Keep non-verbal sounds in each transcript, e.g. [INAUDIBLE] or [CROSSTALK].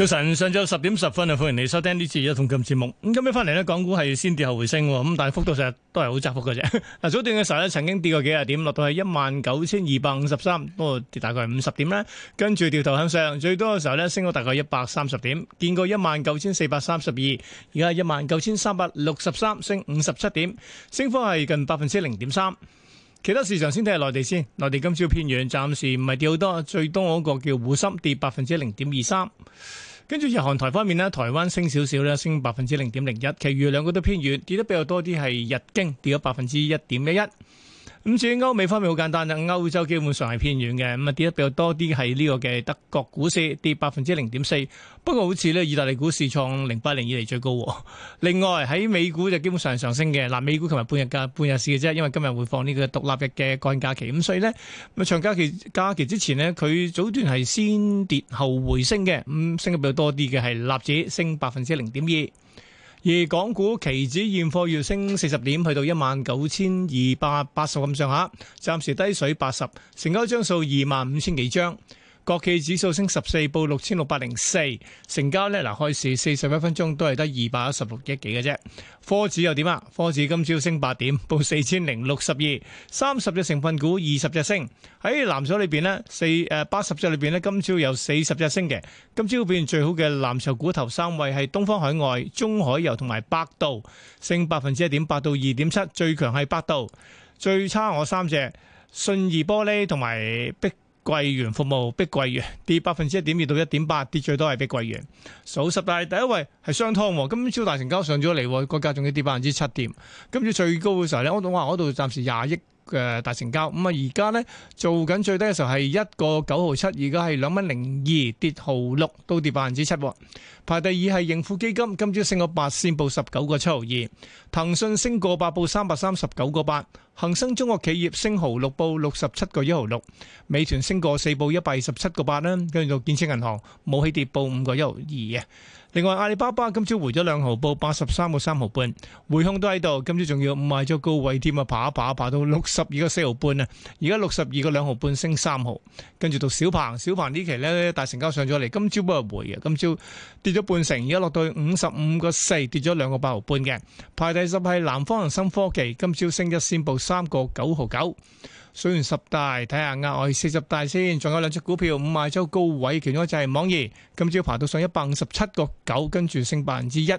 早晨，上晝十點十分啊，歡迎你收聽呢次一統金節目。咁今日翻嚟咧，港股係先跌後回升，咁但係幅度上都係好窄幅嘅啫。嗱，早段嘅時候咧，曾經跌過幾十點，落到係一萬九千二百五十三，不過跌大概五十點咧。跟住掉頭向上，最多嘅時候咧，升咗大概一百三十點，見過一萬九千四百三十二，而家一萬九千三百六十三，升五十七點，升幅係近百分之零點三。其他市場先睇下，內地先，內地今朝偏軟，暫時唔係跌好多，最多嗰個叫滬深跌百分之零點二三。跟住日韓台方面，呢台灣升少少咧，升百分之零點零一，其餘兩個都偏軟，跌得比較多啲係日經跌咗百分之一點一一。咁至於歐美方面好簡單啦，歐洲基本上係偏軟嘅，咁啊跌得比較多啲係呢個嘅德國股市跌百分之零點四，不過好似咧，意大利股市創零八年以嚟最高。另外喺美股就基本上係上升嘅，嗱，美股琴日半日價半日市嘅啫，因為今日會放呢個獨立日嘅國假期，咁所以呢，咁啊長假期假期之前呢，佢早段係先跌後回升嘅，咁、嗯、升得比較多啲嘅係納指升百分之零點二。而港股期指現貨要升四十點，去到一萬九千二百八十咁上下，暫時低水八十，成交張數二萬五千幾張。國企指數升十四，報六千六百零四。成交咧，嗱，開市四十一分鐘都係得二百一十六億幾嘅啫。科指又點啊？科指今朝升八點，報四千零六十二。三十隻成分股，二十隻升。喺藍籌裏邊咧，四誒八十隻裏邊咧，今朝有四十隻升嘅。今朝表現最好嘅藍籌股頭三位係東方海外、中海油同埋百度，升百分之一點八到二點七，最強係百度，最差我三隻，信義玻璃同埋碧碧桂園服務碧桂園跌百分之一點二到一點八，跌最多係碧桂園。數十大第一位係商湯，今日超大成交上咗嚟，股價仲要跌百分之七點。今朝最高嘅時候咧，我同話我度暫時廿億。嘅大成交，咁啊而家咧做緊最低嘅時候係一個九毫七，而家係兩蚊零二跌毫六，都跌百分之七。排第二係盈富基金，今朝升個八，先報十九個七毫二。騰訊升個八，報三百三十九個八。恒生中國企業升毫六，報六十七個一毫六。美團升個四，報一百二十七個八啦。跟住到建設銀行冇起跌，報五個一毫二啊。另外阿里巴巴今朝回咗兩毫，報八十三個三毫半，回控都喺度。今朝仲要賣咗高位添啊，爬一爬，爬爬到六十二個四毫半啊！而家六十二個兩毫半升三毫，跟住到小鵬，小鵬呢期咧大成交上咗嚟，今朝不過係回啊，今朝跌咗半成，而家落到去五十五個四，跌咗兩個八毫半嘅。排第十係南方恒生科技，今朝升一仙，報三個九毫九。數完十大，睇下額外四十大先，仲有兩隻股票五賣周高位，其中一個就係網易，今朝爬到上一百五十七個九，跟住升百分之一。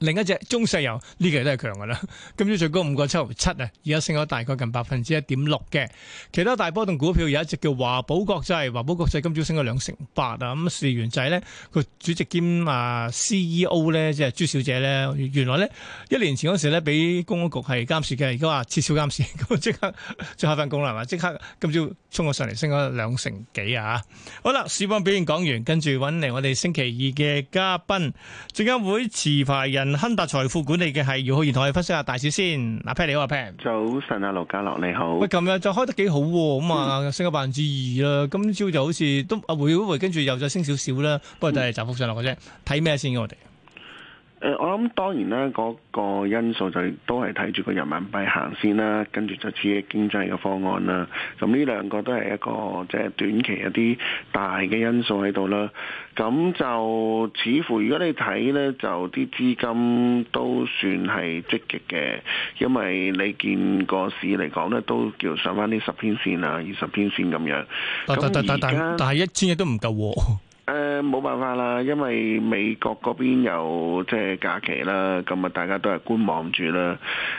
另一隻中石油呢個都係強嘅啦，今朝最高五個七毫七啊，而家升咗大概近百分之一點六嘅。其他大波動股票有一隻叫華寶國際，華寶國際今朝升咗兩成八啊。咁事源仔呢，個主席兼啊 CEO 呢，即係朱小姐呢，原來呢一年前嗰時呢俾公安局係監視嘅，而家話撤銷監視，咁 [LAUGHS] 即刻即刻翻工啦係嘛？即刻今朝衝咗上嚟，升咗兩成幾啊！好啦，市況表現講完，跟住揾嚟我哋星期二嘅嘉賓，證監會持牌人亨達財富管理嘅係姚浩然，同我哋分析下大少先。阿 Pat 你好，阿 Pat 早晨啊，盧家樂你好。喂，琴日就開得幾好喎，啊，咁啊升咗百分之二啦，嗯，今朝就好似都啊，回回跟住又再升少少啦，不過就係窄幅上落嘅啫，睇咩先嘅，啊、我哋。誒、嗯，我諗當然啦，嗰、那個因素就都係睇住個人民幣行先啦，跟住就刺激經濟嘅方案啦。咁呢兩個都係一個即係短期一啲大嘅因素喺度啦。咁就似乎如果你睇呢，就啲資金都算係積極嘅，因為你見個市嚟講呢，都叫上翻啲十天線啊、二十天線咁樣。但但但但但但係一千億都唔夠喎。誒冇辦法啦，因為美國嗰邊有即係假期啦，咁啊大家都係觀望住啦，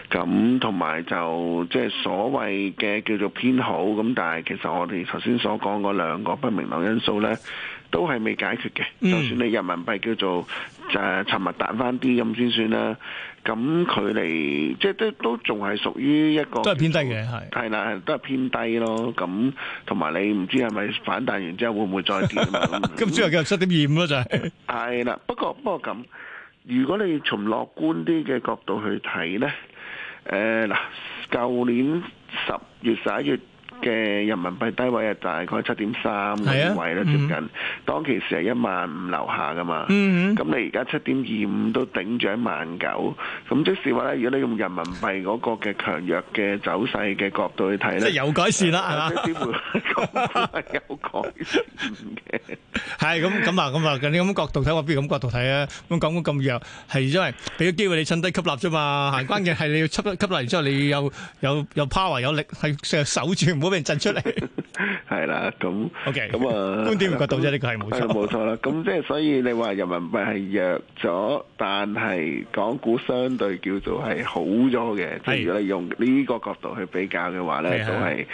咁同埋就即係所謂嘅叫做偏好，咁但係其實我哋頭先所講嗰兩個不明朗因素呢。都係未解決嘅，就算你人民幣叫做誒尋日彈翻啲咁先算啦。咁佢嚟即係都都仲係屬於一個都係偏低嘅，係係啦，都係偏低咯。咁同埋你唔知係咪反彈完之後會唔會再跌咁樣？咁即係嘅七點二五咁咯，就係係啦。不過不過咁，如果你從樂觀啲嘅角度去睇咧，誒嗱，舊年十月十一月。嘅人民幣低位啊，大概七點三嘅位咧接近，當其時係一萬五樓下噶嘛，咁你而家七點二五都頂住一萬九，咁即是話咧，如果你用人民幣嗰個嘅強弱嘅走勢嘅角度去睇咧，有改善啦，即係幾乎有改善嘅，係咁咁啊咁啊，咁你咁角度睇，我不如咁角度睇啊？咁講到咁弱，係因為俾咗機會你趁低吸納啫嘛，關鍵係你要吸吸納完之後，你又又又 power 有力係成日守住唔好。俾人震出嚟。係啦，咁，咁啊，觀點唔覺得到啫？呢個係冇錯，冇錯啦。咁即係所以你話人民幣係弱咗，但係港股相對叫做係好咗嘅。即係如果你用呢個角度去比較嘅話咧，都係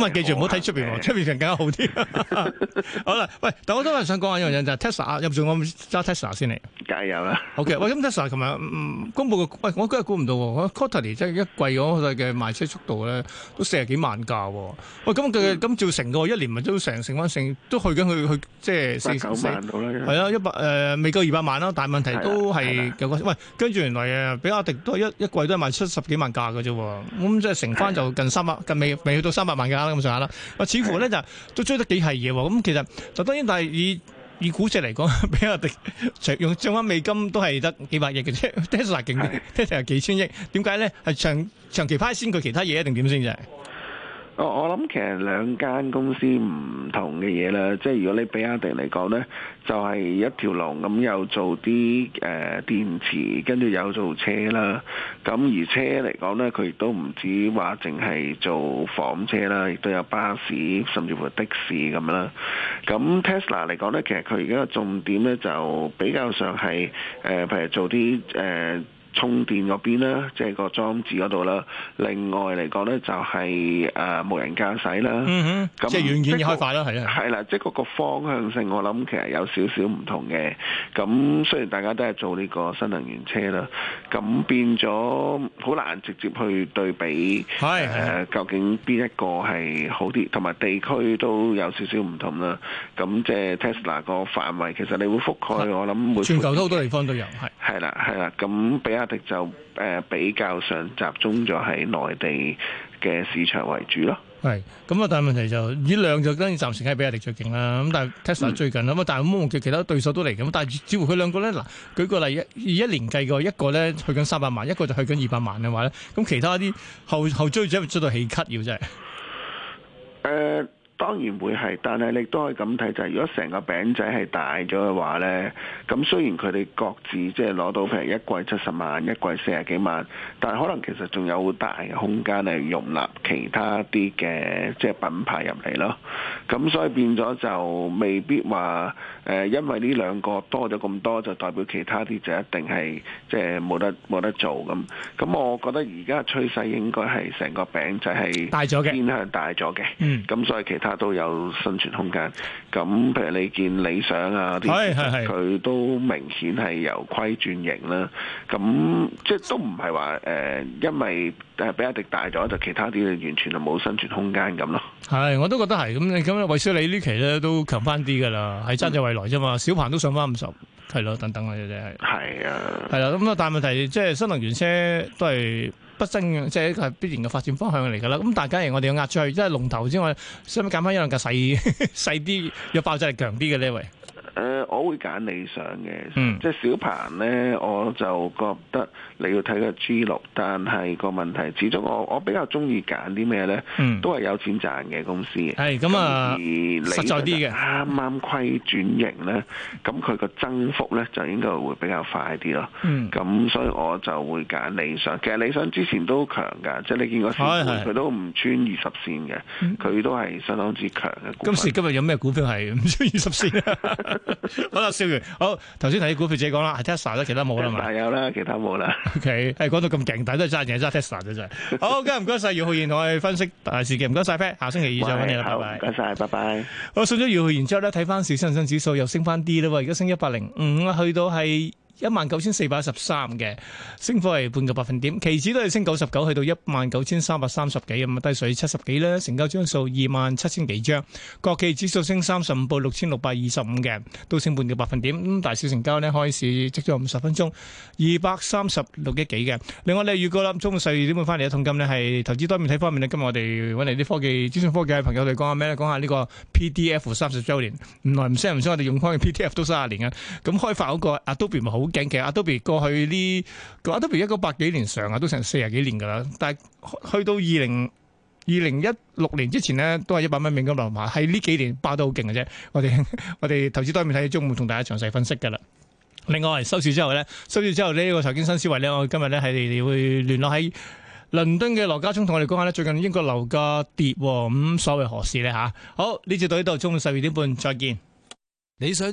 咁啊！記住唔好睇出邊，出邊更加好啲。好啦，喂，但我都係想講下一樣嘢，就係 Tesla。有冇仲有唔揸 Tesla 先你？梗有啦。好嘅，喂，咁 Tesla 琴日公布嘅，喂，我今日估唔到喎。我 Quarterly 即係一季嗰個嘅賣車速度咧，都四十幾萬架。喂，咁嘅咁照成個。一年咪都成乘翻成都去緊去去即係，八九萬到啦。係啊，一百誒未夠二百萬啦，但係問題都係九個。喂，跟 [NOISE] 住、嗯、原來誒，比亞迪都係一一季都係賣七十幾萬架嘅啫。咁、嗯、即係乘翻就近三百 [NOISE] 近未未去到三百萬架啦。咁上下啦。啊，似乎咧就都追得幾係嘢喎。咁其實就當然但係以以估值嚟講，比亞迪除用賺翻美金都係得幾百億嘅啫。Tesla 勁啲，Tesla 幾千億。點解咧？係長長期派先，佢其他嘢定點先啫？我我諗其實兩間公司唔同嘅嘢啦，即係如果你比亞迪嚟講呢，就係、是、一條龍咁，又做啲誒電池，跟住有做車啦。咁而車嚟講呢，佢亦都唔止話淨係做房車啦，亦都有巴士，甚至乎的士咁啦。咁 Tesla 嚟講呢，其實佢而家嘅重點呢，就比較上係誒，譬、呃、如做啲誒。呃充電嗰邊啦，即係個裝置嗰度啦。另外嚟講咧，就係誒無人駕駛啦。嗯哼，即係軟件嘅開發啦，係啊，係啦，即係嗰個方向性，我諗其實有少少唔同嘅。咁雖然大家都係做呢個新能源車啦，咁變咗好難直接去對比誒究竟邊一個係好啲，同埋地區都有少少唔同啦。咁即係 Tesla 個範圍其實你會覆蓋，我諗每全球都好多地方都有。係係啦，係啦，咁比較。就誒比較上集中咗喺內地嘅市場為主咯，係咁啊！但係問題就呢兩就當然暫時係比亞迪最勁啦。咁但係 Tesla 最近咁啊，但係咁望見其他對手都嚟嘅。咁但係似乎佢兩個咧，嗱，舉個例一以一年計過，一個咧去緊三百萬，一個就去緊二百萬嘅話咧，咁其他啲後後追者咪追到氣咳要真係。誒。當然會係，但係你都可以咁睇，就係、係、如果成個餅仔係大咗嘅話呢，咁雖然佢哋各自即係攞到譬如一季七十萬，一季四十幾萬，但係可能其實仲有好大嘅空間嚟容納其他啲嘅即係品牌入嚟咯。咁所以變咗就未必話誒、呃，因為呢兩個多咗咁多，就代表其他啲就一定係即係冇得冇得做咁。咁我覺得而家嘅趨勢應該係成個餅仔係大咗嘅，偏向大咗嘅。嗯，咁所以其他。佢都有生存空間，咁譬如你見理想啊啲，佢都明顯係由虧轉盈啦。咁即係都唔係話誒，因為誒比亞迪大咗，就其他啲完全就冇生存空間咁咯。係，我都覺得係。咁你咁啊，偉少你呢期咧都強翻啲㗎啦，係揸住蔚來啫嘛。小鵬都上翻五十，係咯，等等啊，即係係啊，係啦。咁啊，但係問題即係新能源車都係。不增即係必然嘅發展方向嚟噶啦，咁但係假如我哋要壓出去，因為龍頭之外，使唔使揀翻一兩間細細啲、弱 [LAUGHS] 爆炸力係強啲嘅呢位？我會揀理想嘅，嗯、即係小鵬呢，我就覺得你要睇個 G 六，但係個問題始終，我我比較中意揀啲咩呢？嗯、都係有錢賺嘅公司。係咁啊，實在啲嘅，啱啱虧轉型呢，咁佢個增幅呢，就應該會比較快啲咯。咁、嗯、所以我就會揀理想。其實理想之前都強噶，嗯、即係你見過佢都唔穿二十線嘅，佢、嗯、都係相當之強嘅股。今時今日有咩股票係唔穿二十線？ [LAUGHS] [LAUGHS] 好啦，笑完。好，頭先睇啲股票姐講啦，係 Tesla 啦，其他冇啦嘛，有啦、okay，其他冇啦。OK，係講到咁勁，但係都係揸嘢揸 Tesla 嘅啫。好，今日唔該晒姚浩然同我哋分析，大事件。唔該晒，Pak, 下星期二再揾你啦，拜拜。唔該晒，拜拜。好，送咗姚浩然之後咧，睇翻市恒生指數，又升翻啲啦，而家升一百零五，去到係。一萬九千四百一十三嘅升幅係半個百分點，期指都係升九十九，去到一萬九千三百三十幾咁啊，低水七十幾啦，成交張數二萬七千幾張，國企指數升三十五，報六千六百二十五嘅，都升半個百分點。咁大小成交咧，開市即咗五十分鐘，二百三十六億幾嘅。另外咧，預告啦，中午十二點半翻嚟一桶金咧，係投資多面睇方面咧，今日我哋揾嚟啲科技資訊，科技嘅朋友嚟講下咩咧？講下呢個 P D F 三十周年，唔耐唔聲唔聲，我哋用開嘅 P D F 都三十年嘅，咁開發嗰個 Adobe 都變唔好。好勁嘅，Adobe 過去呢，Adobe 一個百幾年上啊，都成四十幾年噶啦。但係去到二零二零一六年之前呢，都係一百蚊美金樓下。喺呢幾年爆得好勁嘅啫。 [LAUGHS] 我哋我哋投資多面睇，中午同大家詳細分析噶啦。另外收市之後呢，收市之後呢個財經新思維呢，我今日咧係你哋會聯絡喺倫敦嘅羅家聰，同我哋講下呢最近英國樓價跌，咁、嗯、所謂何事呢？吓？好呢節到呢度，中午十二點半再見。你想